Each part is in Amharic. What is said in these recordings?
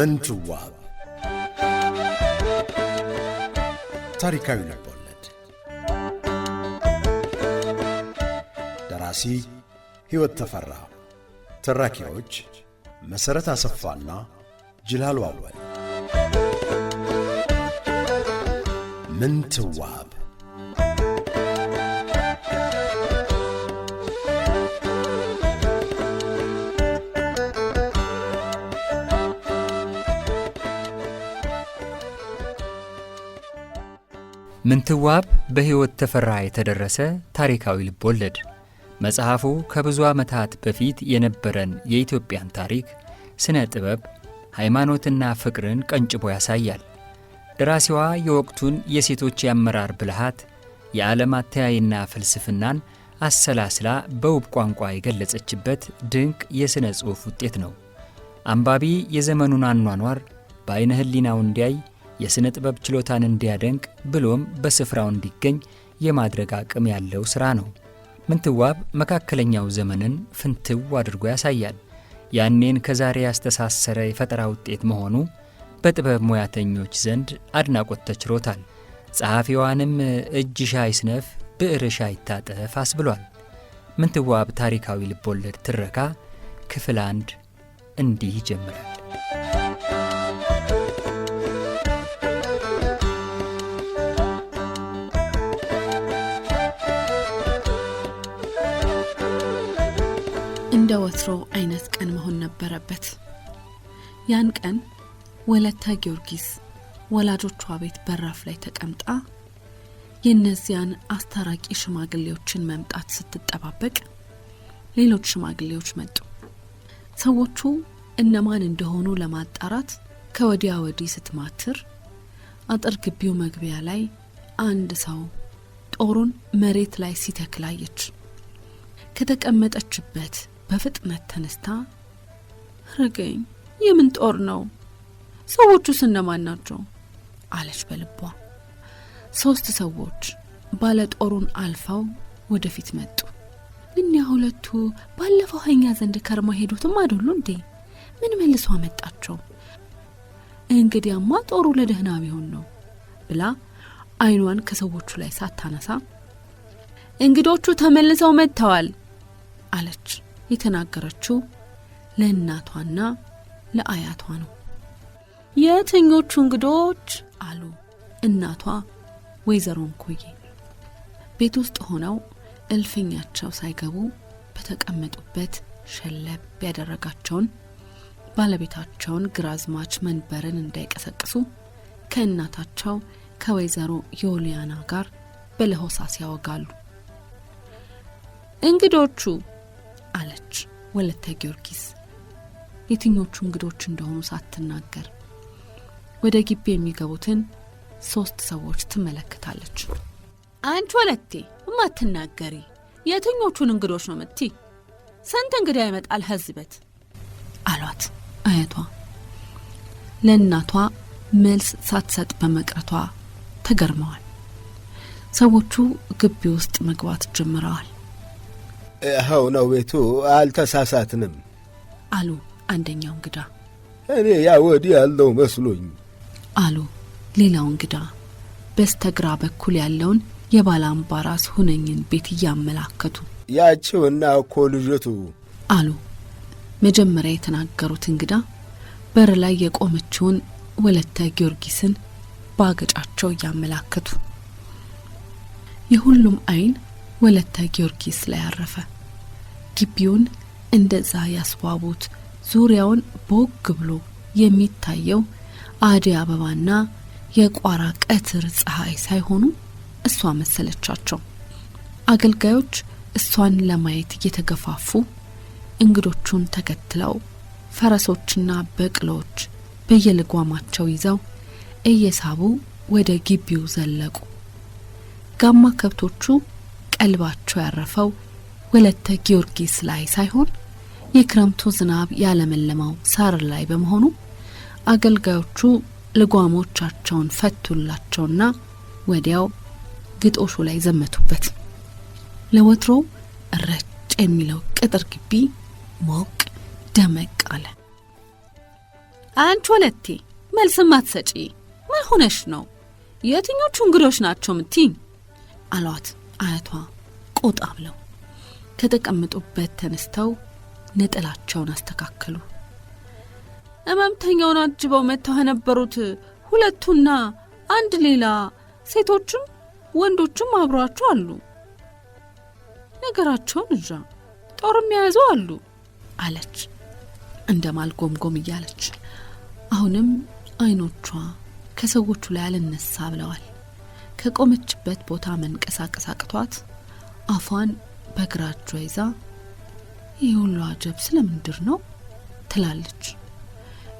ምንትዋብ ታሪካዊ ልቦለድ ደራሲ ሕይወት ተፈራ፣ ተራኪዎች መሠረት አሰፋና ጅላሉ አወል። ምንትዋብ ምንትዋብ በሕይወት ተፈራ የተደረሰ ታሪካዊ ልብ ወለድ። መጽሐፉ ከብዙ ዓመታት በፊት የነበረን የኢትዮጵያን ታሪክ፣ ሥነ ጥበብ፣ ሃይማኖትና ፍቅርን ቀንጭቦ ያሳያል። ደራሲዋ የወቅቱን የሴቶች የአመራር ብልሃት፣ የዓለም አተያይና ፍልስፍናን አሰላስላ በውብ ቋንቋ የገለጸችበት ድንቅ የሥነ ጽሑፍ ውጤት ነው። አንባቢ የዘመኑን አኗኗር በዐይነ ሕሊናው እንዲያይ የሥነ ጥበብ ችሎታን እንዲያደንቅ ብሎም በስፍራው እንዲገኝ የማድረግ አቅም ያለው ሥራ ነው። ምንትዋብ መካከለኛው ዘመንን ፍንትው አድርጎ ያሳያል። ያኔን ከዛሬ ያስተሳሰረ የፈጠራ ውጤት መሆኑ በጥበብ ሙያተኞች ዘንድ አድናቆት ተችሮታል። ጸሐፊዋንም እጅ ሻይ ስነፍ ብዕር ሻይ ታጠፍ አስብሏል። ምንትዋብ ታሪካዊ ልቦለድ ትረካ ክፍል አንድ እንዲህ ይጀምራል። እንደ ወትሮ አይነት ቀን መሆን ነበረበት። ያን ቀን ወለተ ጊዮርጊስ ወላጆቿ ቤት በራፍ ላይ ተቀምጣ የእነዚያን አስታራቂ ሽማግሌዎችን መምጣት ስትጠባበቅ ሌሎች ሽማግሌዎች መጡ። ሰዎቹ እነማን እንደሆኑ ለማጣራት ከወዲያ ወዲህ ስትማትር አጥር ግቢው መግቢያ ላይ አንድ ሰው ጦሩን መሬት ላይ ሲተክል አየች። ከተቀመጠችበት በፍጥነት ተነስታ ርገኝ፣ የምን ጦር ነው? ሰዎቹስ እነማን ናቸው? አለች በልቧ። ሶስት ሰዎች ባለ ጦሩን አልፈው ወደፊት መጡ። እኒያ ሁለቱ ባለፈው ሀኛ ዘንድ ከርማ ሄዱትም አይደሉ እንዴ? ምን መልሶ አመጣቸው? እንግዲያማ ጦሩ ለደህና ቢሆን ነው ብላ አይኗን ከሰዎቹ ላይ ሳታነሳ እንግዶቹ ተመልሰው መጥተዋል አለች። የተናገረችው ለእናቷና ለአያቷ ነው። የትኞቹ እንግዶች? አሉ እናቷ ወይዘሮ እንኮዬ ቤት ውስጥ ሆነው እልፍኛቸው ሳይገቡ በተቀመጡበት ሸለብ ያደረጋቸውን ባለቤታቸውን ግራዝማች መንበርን እንዳይቀሰቅሱ ከእናታቸው ከወይዘሮ ዮልያና ጋር በለሆሳስ ያወጋሉ። እንግዶቹ አለች ወለተ ጊዮርጊስ የትኞቹ እንግዶች እንደሆኑ ሳትናገር። ወደ ግቢ የሚገቡትን ሶስት ሰዎች ትመለከታለች። አንቺ ወለቴ እማትናገሪ የትኞቹን እንግዶች ነው ምቲ? ስንት እንግዳ ይመጣል ህዝበት አሏት አያቷ። ለእናቷ መልስ ሳትሰጥ በመቅረቷ ተገርመዋል። ሰዎቹ ግቢ ውስጥ መግባት ጀምረዋል። ይኸው ነው ቤቱ፣ አልተሳሳትንም አሉ አንደኛው እንግዳ። እኔ ያ ወዲህ ያለው መስሎኝ አሉ ሌላው እንግዳ። በስተግራ በኩል ያለውን የባለ አምባራስ ሁነኝን ቤት እያመላከቱ ያቺው እና እኮ ልጅቱ አሉ መጀመሪያ የተናገሩት እንግዳ። በር ላይ የቆመችውን ወለተ ጊዮርጊስን በአገጫቸው እያመላከቱ የሁሉም አይን። ወለተ ጊዮርጊስ ላይ አረፈ። ግቢውን እንደዛ ያስዋቡት ዙሪያውን ቦግ ብሎ የሚታየው አደይ አበባና የቋራ ቀትር ፀሐይ ሳይሆኑ እሷ መሰለቻቸው። አገልጋዮች እሷን ለማየት እየተገፋፉ እንግዶቹን ተከትለው ፈረሶችና በቅሎች በየልጓማቸው ይዘው እየሳቡ ወደ ግቢው ዘለቁ። ጋማ ከብቶቹ ቀልባቸው ያረፈው ወለተ ጊዮርጊስ ላይ ሳይሆን የክረምቱ ዝናብ ያለመለማው ሳር ላይ በመሆኑ አገልጋዮቹ ልጓሞቻቸውን ፈቱላቸውና ወዲያው ግጦሹ ላይ ዘመቱበት። ለወትሮ ረጭ የሚለው ቅጥር ግቢ ሞቅ ደመቅ አለ። አንቺ ወለቴ መልስም አትሰጪ፣ ምን ሆነሽ ነው? የትኞቹ እንግዶች ናቸው ምትኝ? አሏት። አያቷ ቆጣ ብለው ከተቀመጡበት ተነስተው ነጠላቸውን አስተካከሉ። ሕመምተኛውን አጅበው መጥተው የነበሩት ሁለቱና አንድ ሌላ ሴቶችም ወንዶችም አብሯቸው አሉ። ነገራቸውን እዣ ጦርም የያዙ አሉ አለች እንደ ማልጎምጎም እያለች አሁንም አይኖቿ ከሰዎቹ ላይ አልነሳ ብለዋል። ከቆመችበት ቦታ መንቀሳቀስ አቅቷት አፏን በግራ እጇ ይዛ ይህ ሁሉ አጀብ ስለምንድር ነው ትላለች።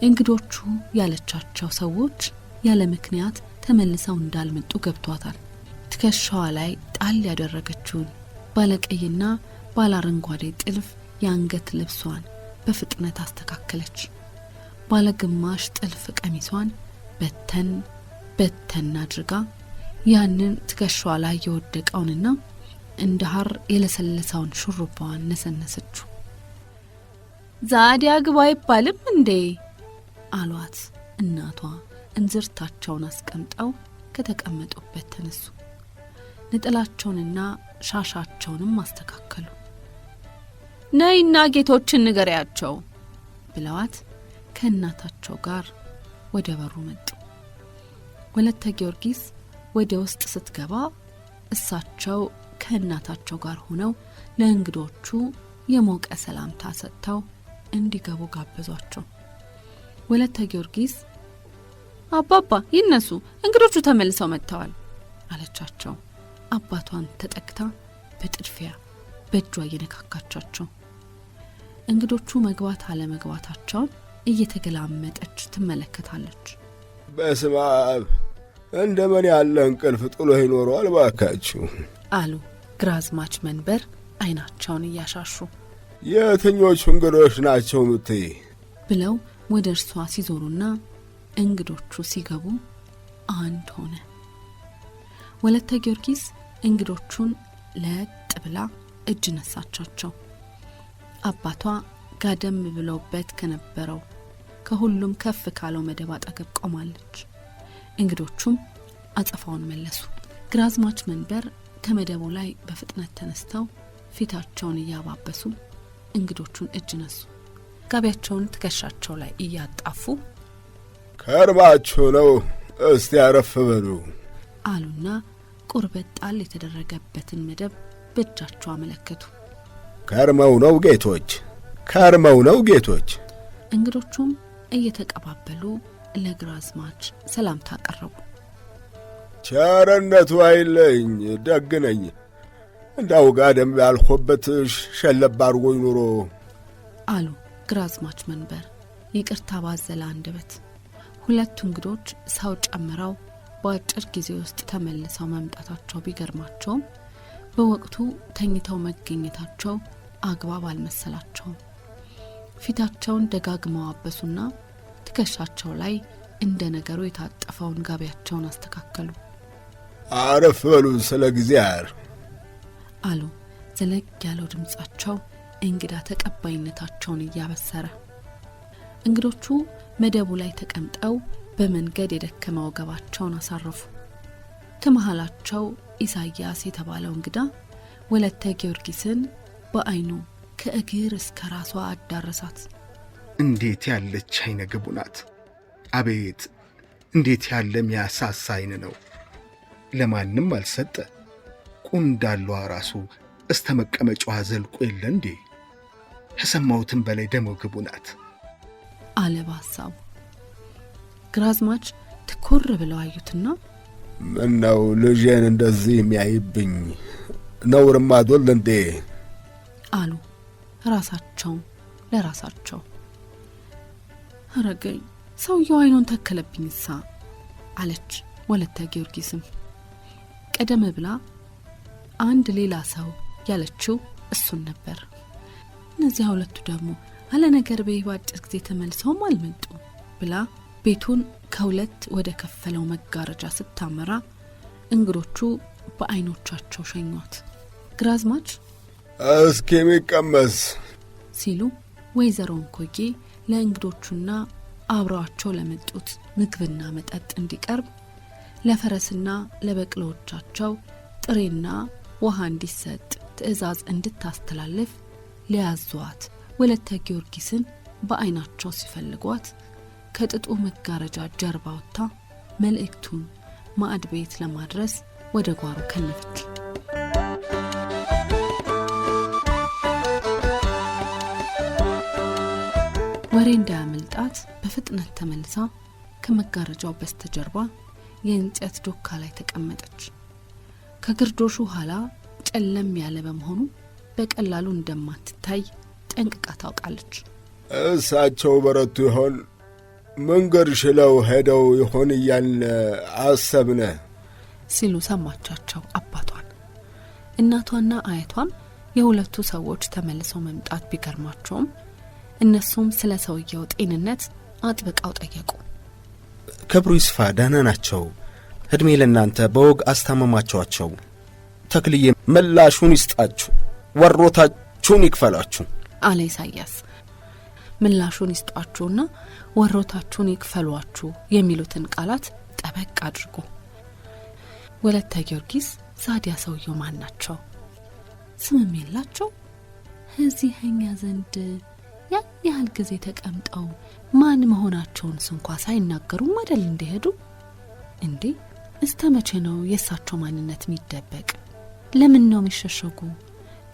እንግዶቹ ያለቻቸው ሰዎች ያለ ምክንያት ተመልሰው እንዳልመጡ ገብቷታል። ትከሻዋ ላይ ጣል ያደረገችውን ባለቀይና ባለአረንጓዴ ጥልፍ የአንገት ልብሷን በፍጥነት አስተካከለች። ባለግማሽ ጥልፍ ቀሚሷን በተን በተን አድርጋ ያንን ትከሻዋ ላይ የወደቀውንና እንደ ሐር የለሰለሰውን ሹሩባዋን ነሰነሰችው። ዛዲያ ግባ አይባልም እንዴ አሏት እናቷ። እንዝርታቸውን አስቀምጠው ከተቀመጡበት ተነሱ። ነጠላቸውንና ሻሻቸውንም አስተካከሉ። ነይና ጌቶችን ንገሪያቸው ብለዋት ከእናታቸው ጋር ወደ በሩ መጡ። ወለተ ጊዮርጊስ ወደ ውስጥ ስትገባ እሳቸው ከእናታቸው ጋር ሆነው ለእንግዶቹ የሞቀ ሰላምታ ሰጥተው እንዲገቡ ጋበዟቸው። ወለተ ጊዮርጊስ አባባ ይነሱ፣ እንግዶቹ ተመልሰው መጥተዋል አለቻቸው። አባቷን ተጠግታ በጥድፊያ በእጇ እየነካካቻቸው እንግዶቹ መግባት አለመግባታቸውን እየተገላመጠች ትመለከታለች። በስመ አብ እንደ ምን ያለ እንቅልፍ ጥሎ ይኖረዋል ባካችሁ አሉ ግራዝማች መንበር አይናቸውን እያሻሹ። የትኞቹ እንግዶች ናቸው ምትይ? ብለው ወደ እርሷ ሲዞሩና እንግዶቹ ሲገቡ አንድ ሆነ። ወለተ ጊዮርጊስ እንግዶቹን ለጥ ብላ እጅ ነሳቻቸው። አባቷ ጋደም ብለውበት ከነበረው ከሁሉም ከፍ ካለው መደብ አጠገብ ቆማለች። እንግዶቹም አጸፋውን መለሱ። ግራዝማች መንበር ከመደቡ ላይ በፍጥነት ተነስተው ፊታቸውን እያባበሱ እንግዶቹን እጅ ነሱ። ጋቢያቸውን ትከሻቸው ላይ እያጣፉ ከርባችሁ ነው እስቲ አረፍ በሉ አሉና ቁርበት ጣል የተደረገበትን መደብ በእጃቸው አመለከቱ። ከርመው ነው ጌቶች፣ ከርመው ነው ጌቶች። እንግዶቹም እየተቀባበሉ ለግራዝማች ሰላምታ አቀረቡ። ቸርነቱ አይለኝ ደግነኝ እንዳው ደንብ ያልሆበት ሸለብ አድርጎኝ ኑሮ አሉ ግራዝማች መንበር ይቅርታ ባዘለ አንደበት። ሁለቱ እንግዶች ሰው ጨምረው በአጭር ጊዜ ውስጥ ተመልሰው መምጣታቸው ቢገርማቸውም በወቅቱ ተኝተው መገኘታቸው አግባብ አልመሰላቸውም። ፊታቸውን ደጋግመው አበሱና ትከሻቸው ላይ እንደ ነገሩ የታጠፈውን ጋቢያቸውን አስተካከሉ። አረፍ በሉ ስለ ጊዜ አሉ ዘለግ ያለው ድምጻቸው እንግዳ ተቀባይነታቸውን እያበሰረ። እንግዶቹ መደቡ ላይ ተቀምጠው በመንገድ የደከመ ወገባቸውን አሳረፉ። ከመሃላቸው ኢሳያስ የተባለው እንግዳ ወለተ ጊዮርጊስን በዓይኑ ከእግር እስከ ራሷ አዳረሳት። እንዴት ያለች አይነ ግቡ ናት! አቤት እንዴት ያለ ሚያሳሳ አይን ነው! ለማንም አልሰጠ ቁንዳሏ ራሱ እስተ መቀመጫዋ ዘልቆ የለ እንዴ! ከሰማሁትም በላይ ደሞ ግቡ ናት አለ በሐሳቡ። ግራዝማች ትኩር ብለው አዩትና ምነው ልጄን እንደዚህ የሚያይብኝ ነውርም አዶል እንዴ አሉ ራሳቸውም ለራሳቸው አረገኝ ሰውየው አይኑን ተከለብኝ ሳ አለች ወለተ ጊዮርጊስም ቀደም ብላ አንድ ሌላ ሰው ያለችው እሱን ነበር። እነዚያ ሁለቱ ደግሞ አለ ነገር በይህ በአጭር ጊዜ ተመልሰውም አልመጡ ብላ ቤቱን ከሁለት ወደ ከፈለው መጋረጃ ስታመራ እንግዶቹ በአይኖቻቸው ሸኟት። ግራዝማች እስኪ ሚቀመስ ሲሉ ወይዘሮን እንኮጌ። ለእንግዶቹና አብረዋቸው ለመጡት ምግብና መጠጥ እንዲቀርብ፣ ለፈረስና ለበቅሎዎቻቸው ጥሬና ውሃ እንዲሰጥ ትዕዛዝ እንድታስተላልፍ ሊያዟት ወለተ ጊዮርጊስን በዓይናቸው ሲፈልጓት ከጥጡ መጋረጃ ጀርባ ወጥታ መልእክቱን ማዕድ ቤት ለማድረስ ወደ ጓሮ ከነፈች። ወሬ እንዳያመልጣት በፍጥነት ተመልሳ ከመጋረጃው በስተጀርባ የእንጨት ዶካ ላይ ተቀመጠች። ከግርዶሹ ኋላ ጨለም ያለ በመሆኑ በቀላሉ እንደማትታይ ጠንቅቃ ታውቃለች። እሳቸው በረቱ ይሆን መንገድ ሽለው ሄደው ይሆን እያልን አሰብነ ሲሉ ሰማቻቸው አባቷን። እናቷና አያቷም የሁለቱ ሰዎች ተመልሰው መምጣት ቢገርማቸውም እነሱም ስለ ሰውየው ጤንነት አጥብቀው ጠየቁ። ክብሩ ይስፋ ደህና ናቸው፣ ዕድሜ ለእናንተ በወግ አስታመማቸዋቸው። ተክልዬ ምላሹን ይስጣችሁ፣ ወሮታችሁን ይክፈሏችሁ አለ ኢሳያስ። ምላሹን ይስጧችሁና ወሮታችሁን ይክፈሏችሁ የሚሉትን ቃላት ጠበቅ አድርጎ ወለተ ጊዮርጊስ ዛዲያ ሰውየው ማን ናቸው? ስምም የላቸው እዚህ ዘንድ ያን ያህል ጊዜ ተቀምጠው ማን መሆናቸውን ስንኳ ሳይናገሩ አይደል እንደሄዱ? እንዴ እስተ መቼ ነው የእሳቸው ማንነት የሚደበቅ? ለምን ነው የሚሸሸጉ?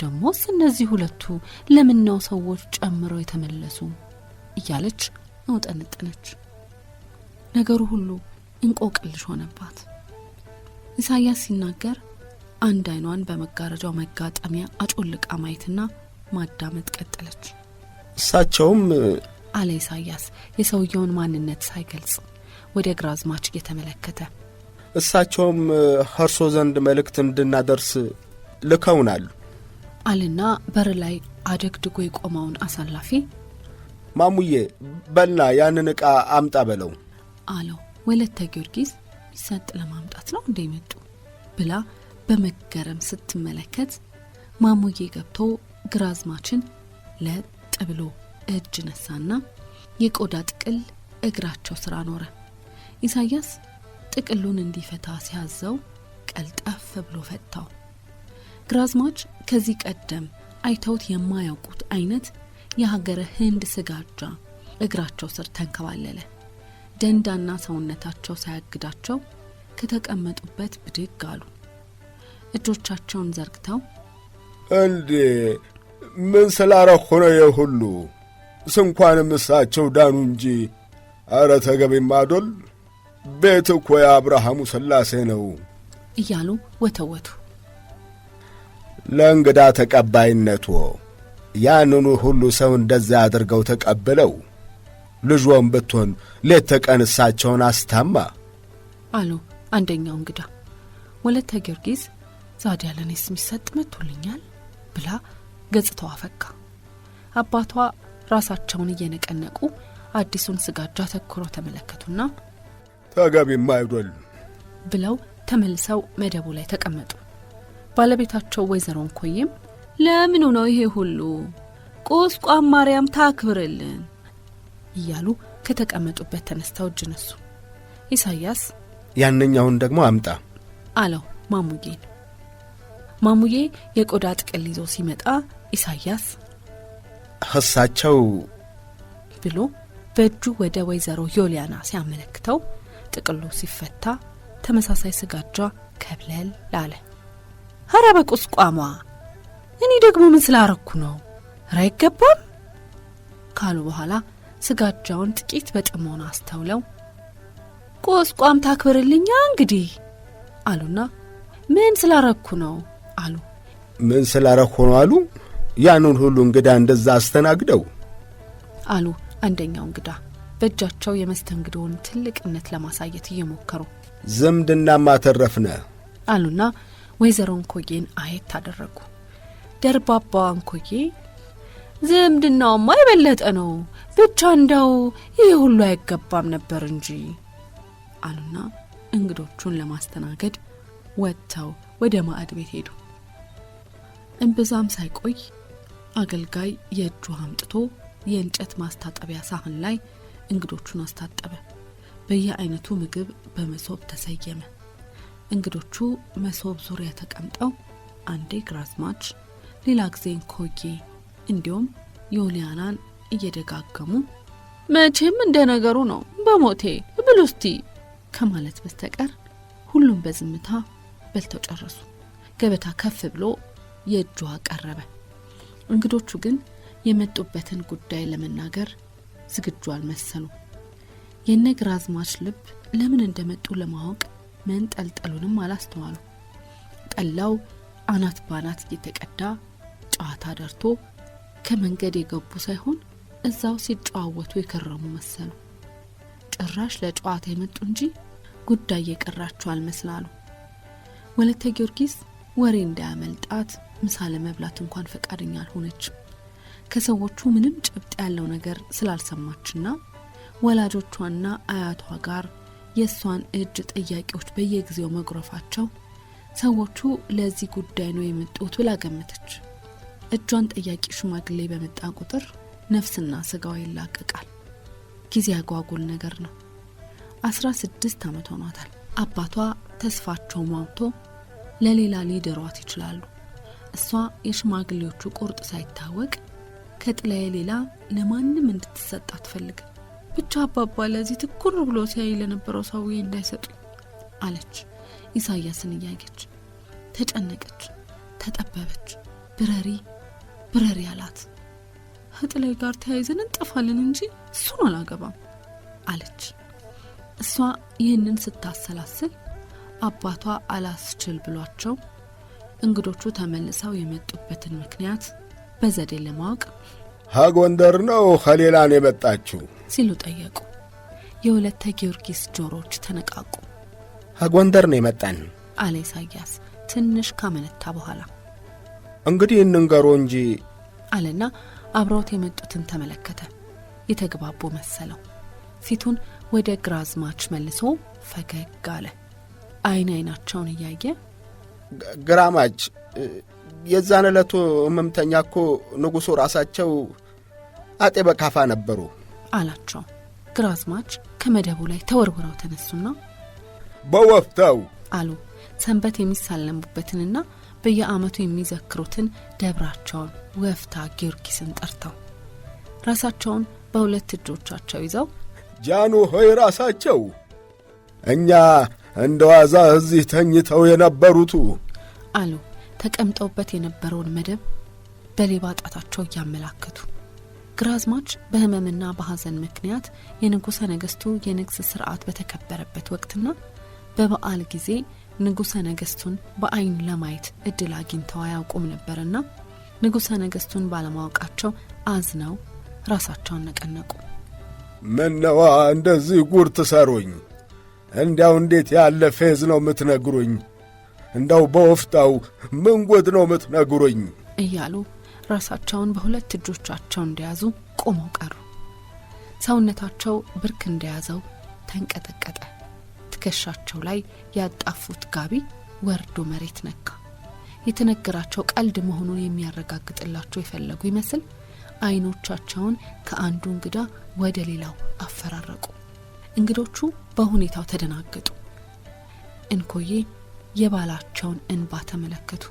ደግሞስ እነዚህ ሁለቱ ለምን ነው ሰዎች ጨምረው የተመለሱ? እያለች አውጠነጠነች። ነገሩ ሁሉ እንቆቅልሽ ሆነባት። ኢሳያስ ሲናገር አንድ አይኗን በመጋረጃው መጋጠሚያ አጮልቃ ማየትና ማዳመጥ ቀጠለች። እሳቸውም አለ ኢሳያስ የሰውየውን ማንነት ሳይገልጽ ወደ ግራዝማች እየተመለከተ እሳቸውም እርሶ ዘንድ መልእክት እንድናደርስ ልከውናል አልና በር ላይ አደግድጎ የቆመውን አሳላፊ ማሙዬ በልና ያንን ዕቃ አምጣ በለው አለው ወለተ ጊዮርጊስ ሚሰጥ ለማምጣት ነው እንደ ብላ በመገረም ስትመለከት ማሙዬ ገብቶ ግራዝማችን ለጥ ብሎ እጅ ነሳና የቆዳ ጥቅል እግራቸው ስራ ኖረ። ኢሳያስ ጥቅሉን እንዲፈታ ሲያዘው ቀልጠፍ ብሎ ፈታው። ግራዝማች ከዚህ ቀደም አይተውት የማያውቁት አይነት የሀገረ ህንድ ስጋጃ እግራቸው ስር ተንከባለለ። ደንዳና ሰውነታቸው ሳያግዳቸው ከተቀመጡበት ብድግ አሉ። እጆቻቸውን ዘርግተው እንዴ ምን ስላረሆነ የሁሉ ስንኳንም እሳቸው ዳኑ እንጂ አረ ተገቢም ማዶል ቤት እኮ የአብርሃሙ ሥላሴ ነው እያሉ ወተወቱ። ለእንግዳ ተቀባይነቱ ያንኑ ሁሉ ሰው እንደዚያ አድርገው ተቀብለው ልጇን ብትሆን ሌት ተቀን እሳቸውን አስታማ አሉ አንደኛው እንግዳ። ወለተ ጊዮርጊስ ዛዲያለኔስ የሚሰጥ መጥቶልኛል ብላ ገጽታው አፈካ። አባቷ ራሳቸውን እየነቀነቁ አዲሱን ስጋጃ ተኩሮ ተመለከቱና ተጋቢም አይደሉ ብለው ተመልሰው መደቡ ላይ ተቀመጡ። ባለቤታቸው ወይዘሮ እንኮዬም ለምኑ ነው ይሄ ሁሉ ቁስቋም ማርያም ታክብርልን እያሉ ከተቀመጡበት ተነስተው እጅ ነሱ። ኢሳያስ ያንኛውን ደግሞ አምጣ አለው ማሙጌን። ማሙዬ የቆዳ ጥቅል ይዞ ሲመጣ ኢሳያስ እሳቸው ብሎ በእጁ ወደ ወይዘሮ ዮልያና ሲያመለክተው ጥቅሉ ሲፈታ ተመሳሳይ ስጋጃ ከብለል ላለ። ኧረ በቁስቋሟ እኔ ደግሞ ምን ስላረኩ ነው? ኧረ አይገባም ካሉ በኋላ ስጋጃውን ጥቂት በጥሞና አስተውለው ቁስቋም ታክብርልኛ እንግዲህ አሉና ምን ስላረኩ ነው አሉ። ምን ስላረኩ ነው አሉ። ያንን ሁሉ እንግዳ እንደዛ አስተናግደው አሉ። አንደኛው እንግዳ በእጃቸው የመስተንግዶውን ትልቅነት ለማሳየት እየሞከሩ ዝምድና ማተረፍነ አሉና ወይዘሮ እንኮዬን አየት አደረጉ። ደርባባ እንኮዬ ዝምድናውማ የበለጠ ነው፣ ብቻ እንደው ይህ ሁሉ አይገባም ነበር እንጂ አሉና እንግዶቹን ለማስተናገድ ወጥተው ወደ ማዕድ ቤት ሄዱ። እምብዛም ሳይቆይ አገልጋይ የእጁ አምጥቶ የእንጨት ማስታጠቢያ ሳህን ላይ እንግዶቹን አስታጠበ። በየአይነቱ ምግብ በመሶብ ተሰየመ። እንግዶቹ መሶብ ዙሪያ ተቀምጠው አንዴ ግራዝማች፣ ሌላ ጊዜ ኮጌ እንዲሁም ዮሊያናን እየደጋገሙ መቼም እንደ ነገሩ ነው በሞቴ ብሉስቲ ከማለት በስተቀር ሁሉም በዝምታ በልተው ጨረሱ። ገበታ ከፍ ብሎ የእጇ ቀረበ። እንግዶቹ ግን የመጡበትን ጉዳይ ለመናገር ዝግጁ አልመሰሉ። የነ ግራዝማች ልብ ለምን እንደመጡ ለማወቅ መንጠልጠሉንም አላስተዋሉ። ጠላው አናት በአናት እየተቀዳ ጨዋታ ደርቶ ከመንገድ የገቡ ሳይሆን እዛው ሲጨዋወቱ የከረሙ መሰሉ። ጭራሽ ለጨዋታ የመጡ እንጂ ጉዳይ የቀራቸው አልመስላሉ። ወለተ ጊዮርጊስ ወሬ እንዳያመልጣት ምሳ ለመብላት እንኳን ፈቃደኛ አልሆነችም። ከሰዎቹ ምንም ጭብጥ ያለው ነገር ስላልሰማችና ወላጆቿና አያቷ ጋር የእሷን እጅ ጠያቂዎች በየጊዜው መጉረፋቸው ሰዎቹ ለዚህ ጉዳይ ነው የመጡት ብላ ገመተች። እጇን ጠያቂ ሽማግሌ በመጣ ቁጥር ነፍስና ስጋዋ ይላቀቃል። ጊዜ ያጓጉል ነገር ነው። አስራ ስድስት ዓመት ሆኗታል። አባቷ ተስፋቸው ሟምቶ ለሌላ ሊደሯት ይችላሉ። እሷ የሽማግሌዎቹ ቁርጥ ሳይታወቅ ከጥላዬ ሌላ ለማንም እንድትሰጥ አትፈልግም። ብቻ አባባ ለዚህ ትኩር ብሎ ሲያይ ለነበረው ሰውዬ እንዳይሰጡ አለች። ኢሳያስን እያየች ተጨነቀች፣ ተጠበበች። ብረሪ ብረሪ አላት። ከጥላዬ ጋር ተያይዘን እንጠፋለን እንጂ እሱን አላገባም አለች። እሷ ይህንን ስታሰላስል አባቷ አላስችል ብሏቸው እንግዶቹ ተመልሰው የመጡበትን ምክንያት በዘዴ ለማወቅ ሀጎንደር ነው ከሌላን የመጣችው ሲሉ ጠየቁ። የሁለተ ጊዮርጊስ ጆሮዎች ተነቃቁ። ሀጎንደር ነው የመጣን አለ ኢሳያስ ትንሽ ካመነታ በኋላ። እንግዲህ እንንገሮ እንጂ አለና አብረውት የመጡትን ተመለከተ። የተግባቦ መሰለው። ፊቱን ወደ ግራዝማች መልሶ ፈገግ አለ። አይን አይናቸውን እያየ ግራማች፣ የዛን ዕለቱ ህመምተኛ እኮ ንጉሡ ራሳቸው አጤ በካፋ ነበሩ አላቸው። ግራዝማች ከመደቡ ላይ ተወርውረው ተነሱና በወፍተው አሉ። ሰንበት የሚሳለሙበትንና በየዓመቱ የሚዘክሩትን ደብራቸውን ወፍታ ጊዮርጊስን ጠርተው ራሳቸውን በሁለት እጆቻቸው ይዘው ጃኑ ሆይ ራሳቸው እኛ እንደ ዋዛ እዚህ ተኝተው የነበሩቱ አሉ። ተቀምጠውበት የነበረውን መደብ በሌባ ጣታቸው እያመላከቱ ግራዝማች በህመምና በሐዘን ምክንያት የንጉሠ ነገሥቱ የንግሥ ሥርዓት በተከበረበት ወቅትና በበዓል ጊዜ ንጉሠ ነገሥቱን በአይን ለማየት እድል አግኝተው አያውቁም ነበርና ንጉሠ ነገሥቱን ባለማወቃቸው አዝነው ራሳቸውን ነቀነቁ። ምነዋ እንደዚህ ጉር ትሰሩኝ እንዲያው እንዴት ያለ ፌዝ ነው የምትነግሩኝ? እንዳው በወፍታው ምን ነው የምትነግሩኝ? እያሉ ራሳቸውን በሁለት እጆቻቸው እንደያዙ ቆመው ቀሩ። ሰውነታቸው ብርክ እንደያዘው ተንቀጠቀጠ። ትከሻቸው ላይ ያጣፉት ጋቢ ወርዶ መሬት ነካ። የተነገራቸው ቀልድ መሆኑን የሚያረጋግጥላቸው የፈለጉ ይመስል አይኖቻቸውን ከአንዱ እንግዳ ወደ ሌላው አፈራረቁ። እንግዶቹ በሁኔታው ተደናገጡ። እንኮዬ የባላቸውን እንባ ተመለከቱ።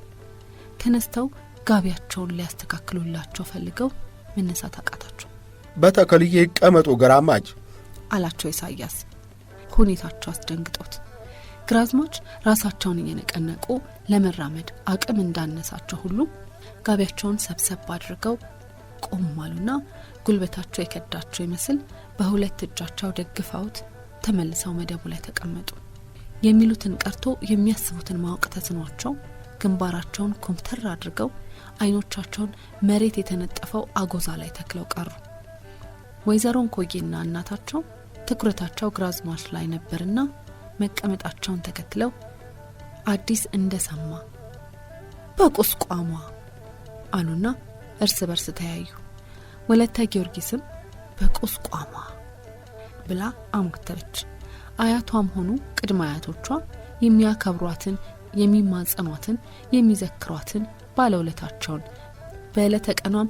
ተነስተው ጋቢያቸውን ሊያስተካክሉላቸው ፈልገው መነሳት አቃታቸው። በተከልዬ ይቀመጡ ግራማጅ አላቸው ኢሳያስ ሁኔታቸው አስደንግጦት። ግራዝማች ራሳቸውን እየነቀነቁ ለመራመድ አቅም እንዳነሳቸው ሁሉ ጋቢያቸውን ሰብሰብ አድርገው ቆም አሉና ጉልበታቸው የከዳቸው ይመስል በሁለት እጃቸው ደግፈውት ተመልሰው መደቡ ላይ ተቀመጡ። የሚሉትን ቀርቶ የሚያስቡትን ማወቅ ተስኗቸው ግንባራቸውን ኮምተር አድርገው አይኖቻቸውን መሬት የተነጠፈው አጎዛ ላይ ተክለው ቀሩ። ወይዘሮን ኮጌና እናታቸው ትኩረታቸው ግራዝማች ላይ ነበርና መቀመጣቸውን ተከትለው አዲስ እንደሰማ በቁስቋሟ አሉና እርስ በርስ ተያዩ። ወለተ ጊዮርጊስም በቁስቋሟ ብላ አሞተረች። አያቷም ሆኑ ቅድመ አያቶቿ የሚያከብሯትን፣ የሚማጸኗትን፣ የሚዘክሯትን ባለውለታቸውን በዕለተ ቀኗም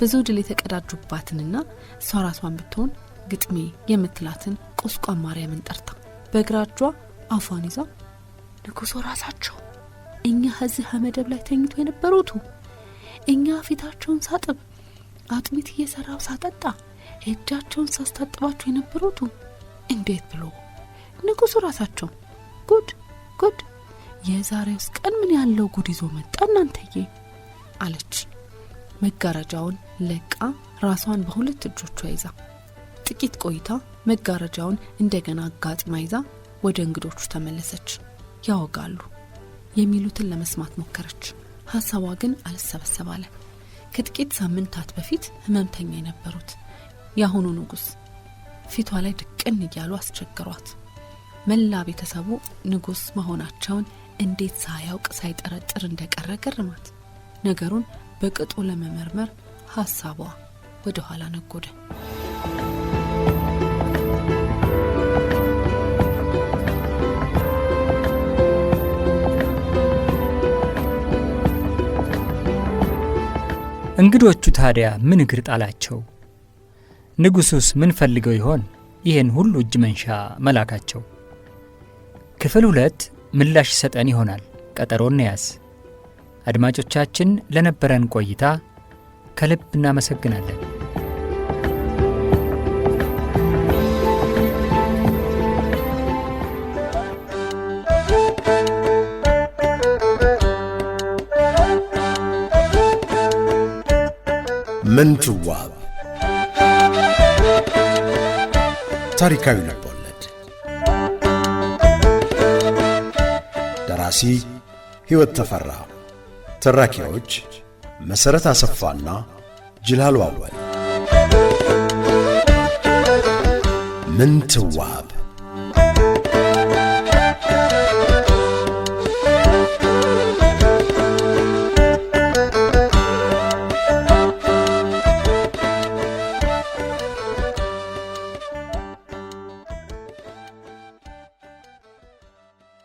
ብዙ ድል የተቀዳጁባትንና እሷ ራሷን ብትሆን ግጥሜ የምትላትን ቁስቋም ማርያምን ጠርታ በግራ እጇ አፏን ይዛ ንጉሶ ራሳቸው እኛ እዚህ አመደብ ላይ ተኝቶ የነበሩቱ እኛ ፊታቸውን ሳጥብ አጥሚት እየሰራው ሳጠጣ እጃቸውን ሳስታጥባቸው የነበሩቱ እንዴት ብሎ ንጉሱ ራሳቸው ጉድ ጉድ የዛሬውስ ቀን ምን ያለው ጉድ ይዞ መጣ እናንተዬ አለች መጋረጃውን ለቃ ራሷን በሁለት እጆቿ ይዛ ጥቂት ቆይታ መጋረጃውን እንደገና አጋጥማ ይዛ ወደ እንግዶቹ ተመለሰች ያወጋሉ የሚሉትን ለመስማት ሞከረች ሀሳቧ ግን አልሰበሰባለ ከጥቂት ሳምንታት በፊት ህመምተኛ የነበሩት የአሁኑ ንጉስ ፊቷ ላይ ድቅን እያሉ አስቸግሯት መላ ቤተሰቡ ንጉስ መሆናቸውን እንዴት ሳያውቅ ሳይጠረጥር እንደቀረ ገርማት ነገሩን በቅጡ ለመመርመር ሀሳቧ ወደ ኋላ ነጎደ። እንግዶቹ ታዲያ ምን እግር ጣላቸው? ንጉሡስ ምን ፈልገው ይሆን ይህን ሁሉ እጅ መንሻ መላካቸው? ክፍል ሁለት ምላሽ ይሰጠን ይሆናል። ቀጠሮ እንያዝ። አድማጮቻችን ለነበረን ቆይታ ከልብ እናመሰግናለን። ምንትዋብ ታሪካዊ ልቦለድ ደራሲ ሕይወት ተፈራ፣ ተራኪዎች መሠረት አሰፋና ጅላሉ አወል። ምንትዋብ